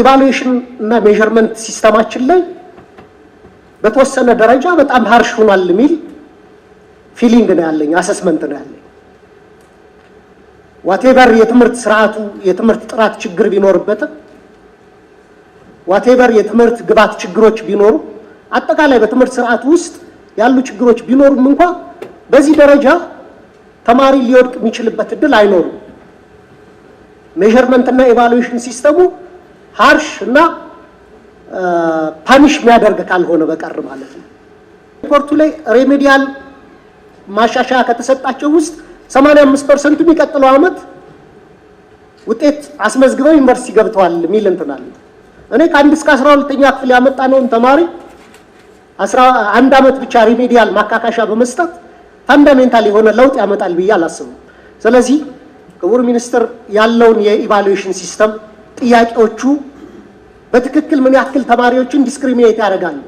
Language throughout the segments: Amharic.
ኢቫሉዌሽን እና ሜዠርመንት ሲስተማችን ላይ በተወሰነ ደረጃ በጣም ሀርሽ ሆኗል የሚል ፊሊንግ ነው ያለኝ፣ አሰስመንት ነው ያለኝ። ዋቴቨር የትምህርት ስርዓቱ የትምህርት ጥራት ችግር ቢኖርበትም ዋቴቨር የትምህርት ግባት ችግሮች ቢኖሩ አጠቃላይ በትምህርት ስርዓቱ ውስጥ ያሉ ችግሮች ቢኖሩም እንኳ በዚህ ደረጃ ተማሪ ሊወድቅ የሚችልበት እድል አይኖሩም። ሜዠርመንት እና ኢቫሉዌሽን ሲስተሙ ሀርሽ እና ፓኒሽ የሚያደርግ ካልሆነ በቀር ማለት ነው። ሪፖርቱ ላይ ሬሜዲያል ማሻሻያ ከተሰጣቸው ውስጥ 85 ፐርሰንቱ የሚቀጥለው ዓመት ውጤት አስመዝግበው ዩኒቨርሲቲ ገብተዋል የሚል እንትን አለ። እኔ ከአንድ እስከ 12ኛ ክፍል ያመጣ ነውን ተማሪ አንድ ዓመት ብቻ ሪሜዲያል ማካካሻ በመስጠት ፋንዳሜንታል የሆነ ለውጥ ያመጣል ብዬ አላስብም። ስለዚህ ክቡር ሚኒስትር ያለውን የኢቫሉዌሽን ሲስተም ጥያቄዎቹ በትክክል ምን ያክል ተማሪዎችን ዲስክሪሚኔት ያደርጋሉ፣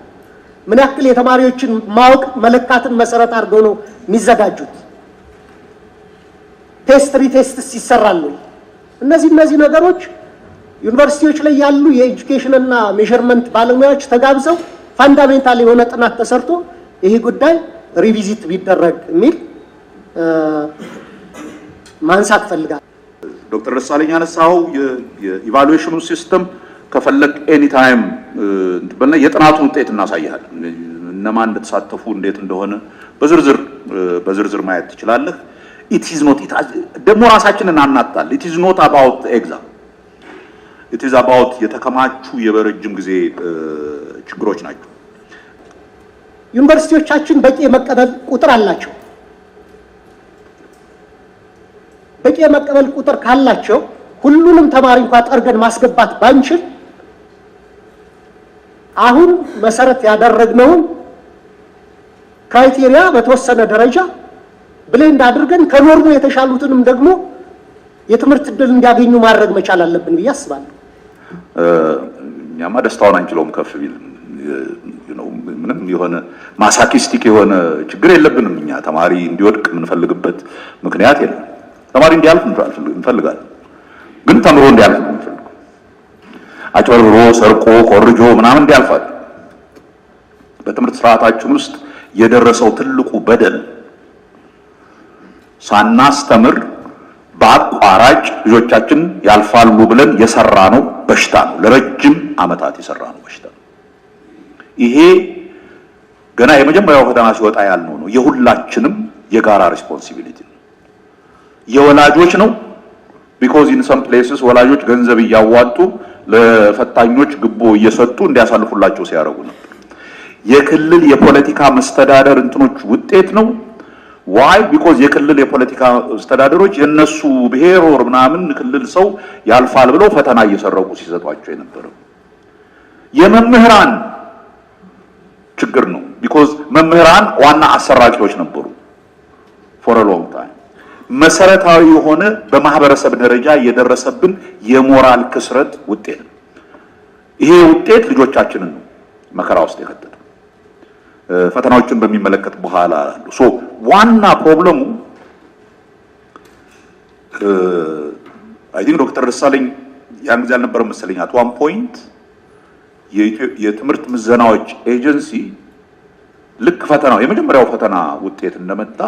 ምን ያክል የተማሪዎችን ማወቅ መለካትን መሰረት አድርገው ነው የሚዘጋጁት፣ ቴስት ሪቴስትስ ይሰራሉ። እነዚህ እነዚህ ነገሮች ዩኒቨርሲቲዎች ላይ ያሉ የኤጁኬሽን እና ሜዥርመንት ባለሙያዎች ተጋብዘው ፋንዳሜንታል የሆነ ጥናት ተሰርቶ ይሄ ጉዳይ ሪቪዚት ቢደረግ የሚል ማንሳት ፈልጋል። ዶክተር ደሳለኝ ያነሳው የኢቫሉዌሽኑ ሲስተም ከፈለግ ኤኒ ታይም የጥናቱን ውጤት እናሳይሃል። እነማን እንደተሳተፉ እንዴት እንደሆነ በዝርዝር በዝርዝር ማየት ትችላለህ። ኢዝ ኖት ደግሞ ራሳችንን አናጣል። ኢዝ ኖት አባውት ኤግዛም ኢዝ አባውት የተከማቹ የበረጅም ጊዜ ችግሮች ናቸው። ዩኒቨርሲቲዎቻችን በቂ የመቀበል ቁጥር አላቸው። በቂ የመቀበል ቁጥር ካላቸው ሁሉንም ተማሪ እንኳ ጠርገን ማስገባት ባንችል አሁን መሰረት ያደረግነውን ክራይቴሪያ በተወሰነ ደረጃ ብሌንድ አድርገን ከኖርሙ የተሻሉትንም ደግሞ የትምህርት እድል እንዲያገኙ ማድረግ መቻል አለብን ብዬ አስባለሁ። እኛማ ደስታውን አንችለውም ከፍ ቢል ምንም የሆነ ማሳኪስቲክ የሆነ ችግር የለብንም። እኛ ተማሪ እንዲወድቅ የምንፈልግበት ምክንያት የለም። ተማሪ እንዲያልፍ እንፈልጋለን፣ ግን ተምሮ እንዲያልፍ ነው እንፈልገው። አጭበርብሮ፣ ሰርቆ፣ ኮርጆ ምናምን እንዲያልፋል። በትምህርት ስርዓታችን ውስጥ የደረሰው ትልቁ በደል ሳናስተምር በአቋራጭ ልጆቻችን ያልፋሉ ብለን የሰራ ነው በሽታ ነው። ለረጅም ዓመታት የሰራ ነው በሽታ ነው። ይሄ ገና የመጀመሪያው ፈተና ሲወጣ ያልነው ነው። የሁላችንም የጋራ ሪስፖንሲቢሊቲ ነው። የወላጆች ነው። ቢኮዝ ኢን ሰም ፕሌስስ ወላጆች ገንዘብ እያዋጡ ለፈታኞች ግቦ እየሰጡ እንዲያሳልፉላቸው ሲያደርጉ ነበር። የክልል የፖለቲካ መስተዳደር እንትኖች ውጤት ነው። ዋይ ቢኮዝ የክልል የፖለቲካ መስተዳደሮች የነሱ ብሔር ወር ምናምን ክልል ሰው ያልፋል ብለው ፈተና እየሰረቁ ሲሰጧቸው የነበረው የመምህራን ችግር ነው። ቢኮዝ መምህራን ዋና አሰራቂዎች ነበሩ ፎር ሎንግ ታይም መሰረታዊ የሆነ በማህበረሰብ ደረጃ የደረሰብን የሞራል ክስረት ውጤት ነው። ይሄ ውጤት ልጆቻችንን ነው መከራ ውስጥ የከተተ። ፈተናዎችን በሚመለከት በኋላ አሉ። ሶ ዋና ፕሮብለሙ አይ ቲንክ ዶክተር ደሳለኝ ያን ጊዜ አልነበረም መሰለኝ አት ዋን ፖይንት የትምህርት ምዘናዎች ኤጀንሲ ልክ ፈተናው የመጀመሪያው ፈተና ውጤት እንደመጣ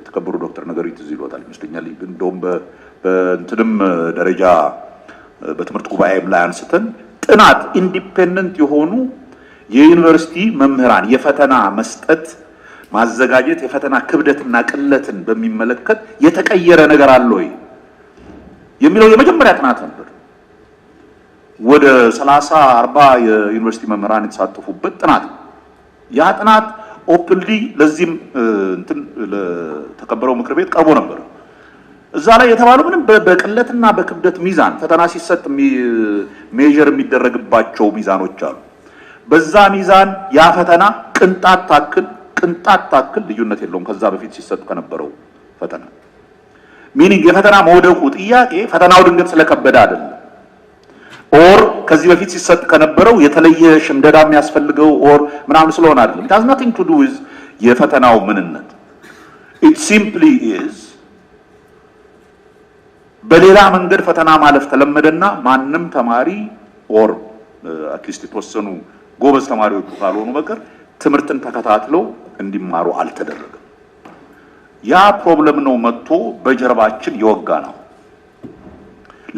የተከበሩ ዶክተር ነገሪ ትዝ ይሎታል ይመስለኛል። እንደውም በእንትንም ደረጃ በትምህርት ጉባኤም ላይ አንስተን ጥናት ኢንዲፔንደንት የሆኑ የዩኒቨርሲቲ መምህራን የፈተና መስጠት ማዘጋጀት የፈተና ክብደትና ቅለትን በሚመለከት የተቀየረ ነገር አለ ወይ የሚለው የመጀመሪያ ጥናት ነበር። ወደ ሰላሳ አርባ የዩኒቨርሲቲ መምህራን የተሳተፉበት ጥናት ያ ጥናት ኦፕንሊ ለዚህም እንትን ለተከበረው ምክር ቤት ቀርቦ ነበር። እዛ ላይ የተባለው ምንም በቅለትና በክብደት ሚዛን ፈተና ሲሰጥ ሜዥር የሚደረግባቸው ሚዛኖች አሉ። በዛ ሚዛን ያ ፈተና ቅንጣት ታክል ቅንጣት ታክል ልዩነት የለውም ከዛ በፊት ሲሰጥ ከነበረው ፈተና ሚኒንግ የፈተና መውደቁ ጥያቄ ፈተናው ድንገት ስለከበደ አይደለም ኦር ከዚህ በፊት ሲሰጥ ከነበረው የተለየ ሽምደዳ የሚያስፈልገው ኦር ምናምን ስለሆነ አይደለም። ኢት ሃዝ ናቲንግ ቱ ዱ ዊዝ የፈተናው ምንነት ኢት ሲምፕሊ ኢዝ በሌላ መንገድ ፈተና ማለፍ ተለመደና ማንም ተማሪ ኦር አትሊስት uh, የተወሰኑ ጎበዝ ተማሪዎቹ ካልሆኑ በቀር ትምህርትን ተከታትለው እንዲማሩ አልተደረገም። ያ ፕሮብለም ነው መጥቶ በጀርባችን የወጋ ነው።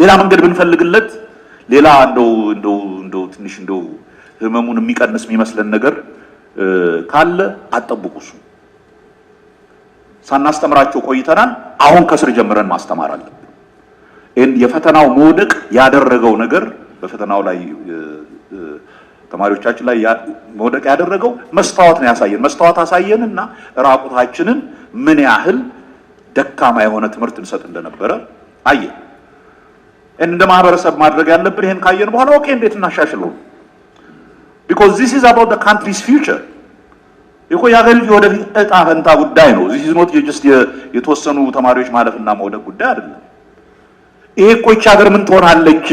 ሌላ መንገድ ብንፈልግለት ሌላ እንደው እንደው እንደው ትንሽ እንደው ህመሙን የሚቀንስ የሚመስለን ነገር ካለ አጠብቁ። እሱ ሳናስተምራቸው ቆይተናል። አሁን ከስር ጀምረን ማስተማር አለብን። የፈተናው መውደቅ ያደረገው ነገር በፈተናው ላይ ተማሪዎቻችን ላይ መውደቅ ያደረገው መስታወት ነው ያሳየን። መስታወት አሳየን እና ራቁታችንን ምን ያህል ደካማ የሆነ ትምህርት እንሰጥ እንደነበረ አየን። እንደ ማህበረሰብ ማድረግ ያለብን ይሄን ካየን በኋላ ኦኬ እንዴት እናሻሽለው? ቢኮዝ ዚስ ኢዝ አባውት ዘ ካንትሪስ ፊውቸር ይኮ የሀገሪቱ የወደፊት እጣ ፈንታ ጉዳይ ነው። ዚስ ኢዝ ኖት የጀስት የተወሰኑ ተማሪዎች ማለፍና መውደቅ ጉዳይ አይደለም። ይሄ እኮ ይህች ሀገር ምን ትሆናለች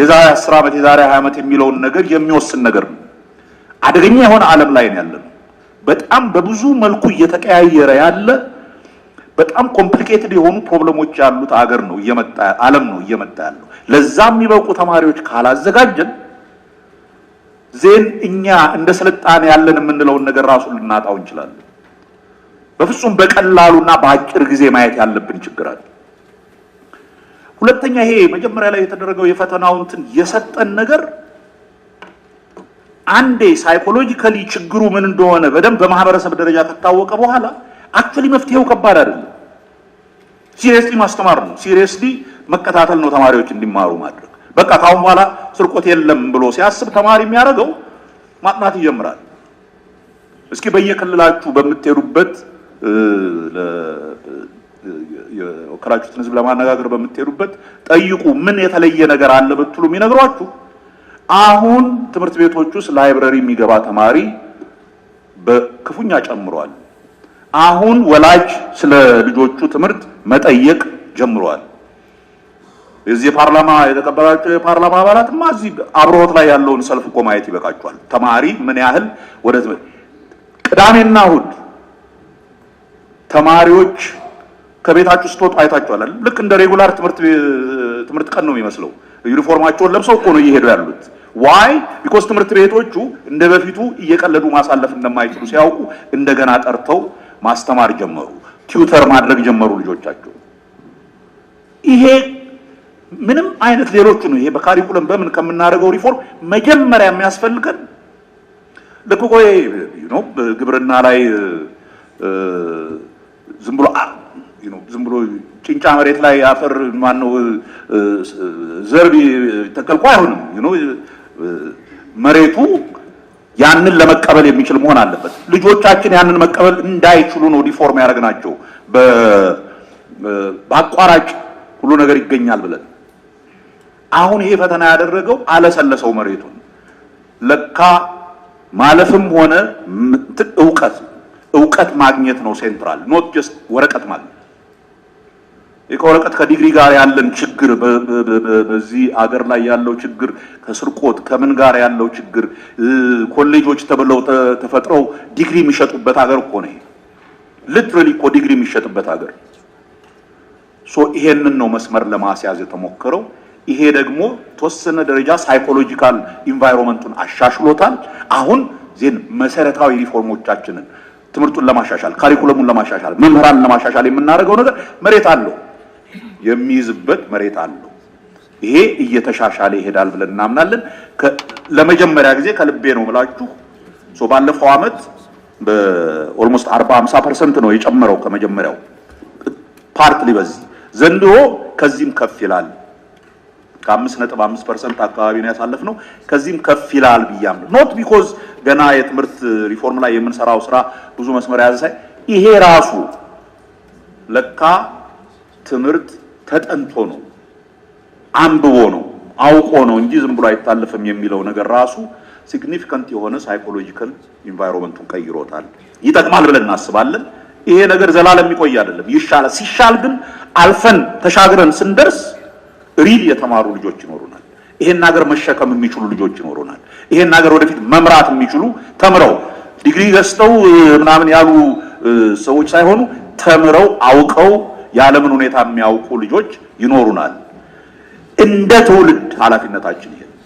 የዛሬ 10 ዓመት የዛሬ 20 ዓመት የሚለውን ነገር የሚወስን ነገር ነው። አደገኛ የሆነ ዓለም ላይ ነው ያለነው። በጣም በብዙ መልኩ እየተቀያየረ ያለ በጣም ኮምፕሊኬትድ የሆኑ ፕሮብለሞች ያሉት አገር ነው እየመጣ ዓለም ነው እየመጣ ያለው። ለዛ የሚበቁ ተማሪዎች ካላዘጋጀን ዜን እኛ እንደ ስልጣን ያለን የምንለውን ነገር ራሱ ልናጣው እንችላለን። በፍጹም በቀላሉና በአጭር ጊዜ ማየት ያለብን ችግር አለ። ሁለተኛ ይሄ መጀመሪያ ላይ የተደረገው የፈተናው እንትን የሰጠን ነገር አንዴ ሳይኮሎጂካሊ ችግሩ ምን እንደሆነ በደንብ በማህበረሰብ ደረጃ ከታወቀ በኋላ አክቹዋሊ መፍትሄው ከባድ አይደለም። ሲሪየስሊ ማስተማር ነው። ሲሪየስሊ መከታተል ነው። ተማሪዎች እንዲማሩ ማድረግ በቃ ካሁን በኋላ ስርቆት የለም ብሎ ሲያስብ ተማሪ የሚያደርገው ማጥናት ይጀምራል። እስኪ በየክልላችሁ በምትሄዱበት የወከላችሁትን ህዝብ ለማነጋገር በምትሄዱበት ጠይቁ። ምን የተለየ ነገር አለ ብትሉ የሚነግሯችሁ አሁን ትምህርት ቤቶች ውስጥ ላይብረሪ የሚገባ ተማሪ በክፉኛ ጨምሯል። አሁን ወላጅ ስለ ልጆቹ ትምህርት መጠየቅ ጀምሯል። የዚህ የፓርላማ የተቀበላቸው የፓርላማ አባላትማ እዚህ አብሮት ላይ ያለውን ሰልፍ እኮ ማየት ይበቃቸዋል። ተማሪ ምን ያህል ወደ ትምህርት ቅዳሜና እሑድ ተማሪዎች ከቤታቸው ስትወጡ አይታችኋል። ልክ እንደ ሬጉላር ትምህርት ትምህርት ቀን ነው የሚመስለው። ዩኒፎርማቸውን ለብሰው እኮ ነው እየሄዱ ያሉት። ዋይ ቢኮዝ ትምህርት ቤቶቹ እንደ በፊቱ እየቀለዱ ማሳለፍ እንደማይችሉ ሲያውቁ እንደገና ጠርተው ማስተማር ጀመሩ። ቲዩተር ማድረግ ጀመሩ ልጆቻቸው። ይሄ ምንም አይነት ሌሎቹ ነው። ይሄ በካሪኩለም በምን ከምናደርገው ሪፎርም መጀመሪያ የሚያስፈልገን ልክ ቆይ ግብርና ላይ ዝም ብሎ ዝም ብሎ ጭንጫ መሬት ላይ አፈር ማነው ዘር ተከልኮ አይሆንም። መሬቱ ያንን ለመቀበል የሚችል መሆን አለበት። ልጆቻችን ያንን መቀበል እንዳይችሉ ነው ዲፎርም ያደረግናቸው በአቋራጭ ሁሉ ነገር ይገኛል ብለን። አሁን ይሄ ፈተና ያደረገው አለሰለሰው መሬቱን። ለካ ማለፍም ሆነ እውቀት እውቀት ማግኘት ነው ሴንትራል ኖት ጀስት ወረቀት ማግኘት ከወረቀት ከዲግሪ ጋር ያለን ችግር በዚህ አገር ላይ ያለው ችግር ከስርቆት ከምን ጋር ያለው ችግር ኮሌጆች ተብለው ተፈጥረው ዲግሪ የሚሸጡበት ሀገር እኮ ነው። ሊትራሊ እኮ ዲግሪ የሚሸጥበት ሀገር ሶ ይሄንን ነው መስመር ለማስያዝ የተሞከረው። ይሄ ደግሞ ተወሰነ ደረጃ ሳይኮሎጂካል ኢንቫይሮንመንቱን አሻሽሎታል። አሁን ዜን መሰረታዊ ሪፎርሞቻችንን ትምህርቱን ለማሻሻል ካሪኩለሙን ለማሻሻል መምህራን ለማሻሻል የምናደርገው ነገር መሬት አለው። የሚይዝበት መሬት አለው። ይሄ እየተሻሻለ ይሄዳል ብለን እናምናለን። ለመጀመሪያ ጊዜ ከልቤ ነው የምላችሁ ባለፈው ዓመት በኦልሞስት 40 50 ፐርሰንት ነው የጨመረው ከመጀመሪያው ፓርት ሊበዝ ዘንድሮ ከዚህም ከፍ ይላል። ከ ከ5.5 ፐርሰንት አካባቢ ነው ያሳለፍነው። ከዚህም ከፍ ይላል ብያም ኖት ቢኮዝ ገና የትምህርት ሪፎርም ላይ የምንሰራው ስራ ብዙ መስመር ያዘ ሳይ ይሄ ራሱ ለካ ትምህርት ተጠንቶ ነው አንብቦ ነው አውቆ ነው እንጂ ዝም ብሎ አይታለፍም የሚለው ነገር ራሱ ሲግኒፊካንት የሆነ ሳይኮሎጂካል ኢንቫይሮንመንቱን ቀይሮታል። ይጠቅማል ብለን እናስባለን። ይሄ ነገር ዘላለም የሚቆይ አይደለም፣ ይሻላል። ሲሻል ግን አልፈን ተሻግረን ስንደርስ ሪል የተማሩ ልጆች ይኖሩናል። ይሄን ሀገር መሸከም የሚችሉ ልጆች ይኖሩናል። ይሄን ሀገር ወደፊት መምራት የሚችሉ ተምረው ዲግሪ ገዝተው ምናምን ያሉ ሰዎች ሳይሆኑ ተምረው አውቀው የዓለምን ሁኔታ የሚያውቁ ልጆች ይኖሩናል። እንደ ትውልድ ኃላፊነታችን